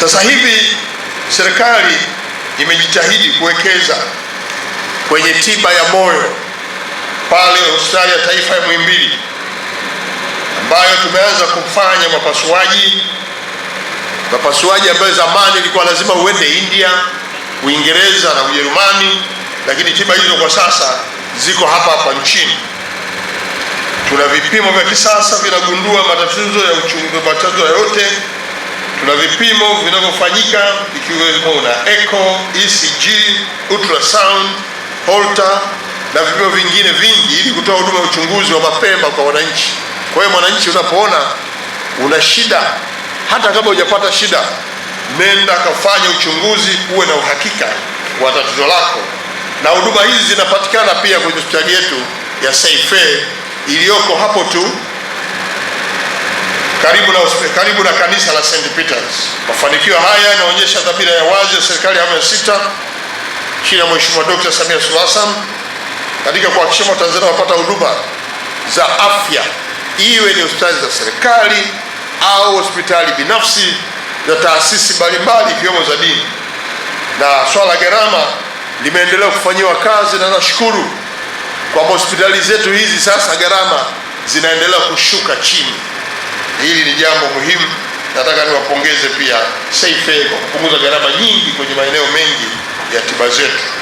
Sasa hivi serikali imejitahidi kuwekeza kwenye tiba ya moyo pale hospitali ya taifa ya Muhimbili ambayo tumeanza kufanya mapasuaji mapasuaji ambayo zamani ilikuwa lazima uende India, Uingereza na Ujerumani, lakini tiba hizo kwa sasa ziko hapa hapa nchini. Tuna vipimo vya kisasa vinagundua matatizo ya uchungu, matatizo yote Tuna vipimo vinavyofanyika ikiwemo na echo, ECG, ultrasound, Holter na vipimo vingine vingi ili kutoa huduma ya uchunguzi wa mapema kwa wananchi. Kwa hiyo mwananchi, unapoona una shida, hata kama hujapata shida, nenda kafanya uchunguzi, uwe na uhakika wa tatizo lako. Na huduma hizi zinapatikana pia kwenye hospitali yetu ya Seife iliyoko hapo tu karibu na, karibu na kanisa la St. Peters. Mafanikio haya yanaonyesha dhamira ya wazi ya serikali ya awamu ya sita chini ya Mheshimiwa Dkt. Samia Suluhu Hassan katika kuhakikisha Watanzania wapata huduma za afya, iwe ni hospitali za serikali au hospitali binafsi za taasisi mbalimbali ikiwemo za dini, na swala la gharama limeendelea kufanyiwa kazi, na nashukuru kwamba hospitali zetu hizi sasa gharama zinaendelea kushuka chini. Hili ni jambo muhimu. Nataka niwapongeze pia Safe kwa kupunguza gharama nyingi kwenye maeneo mengi ya tiba zetu.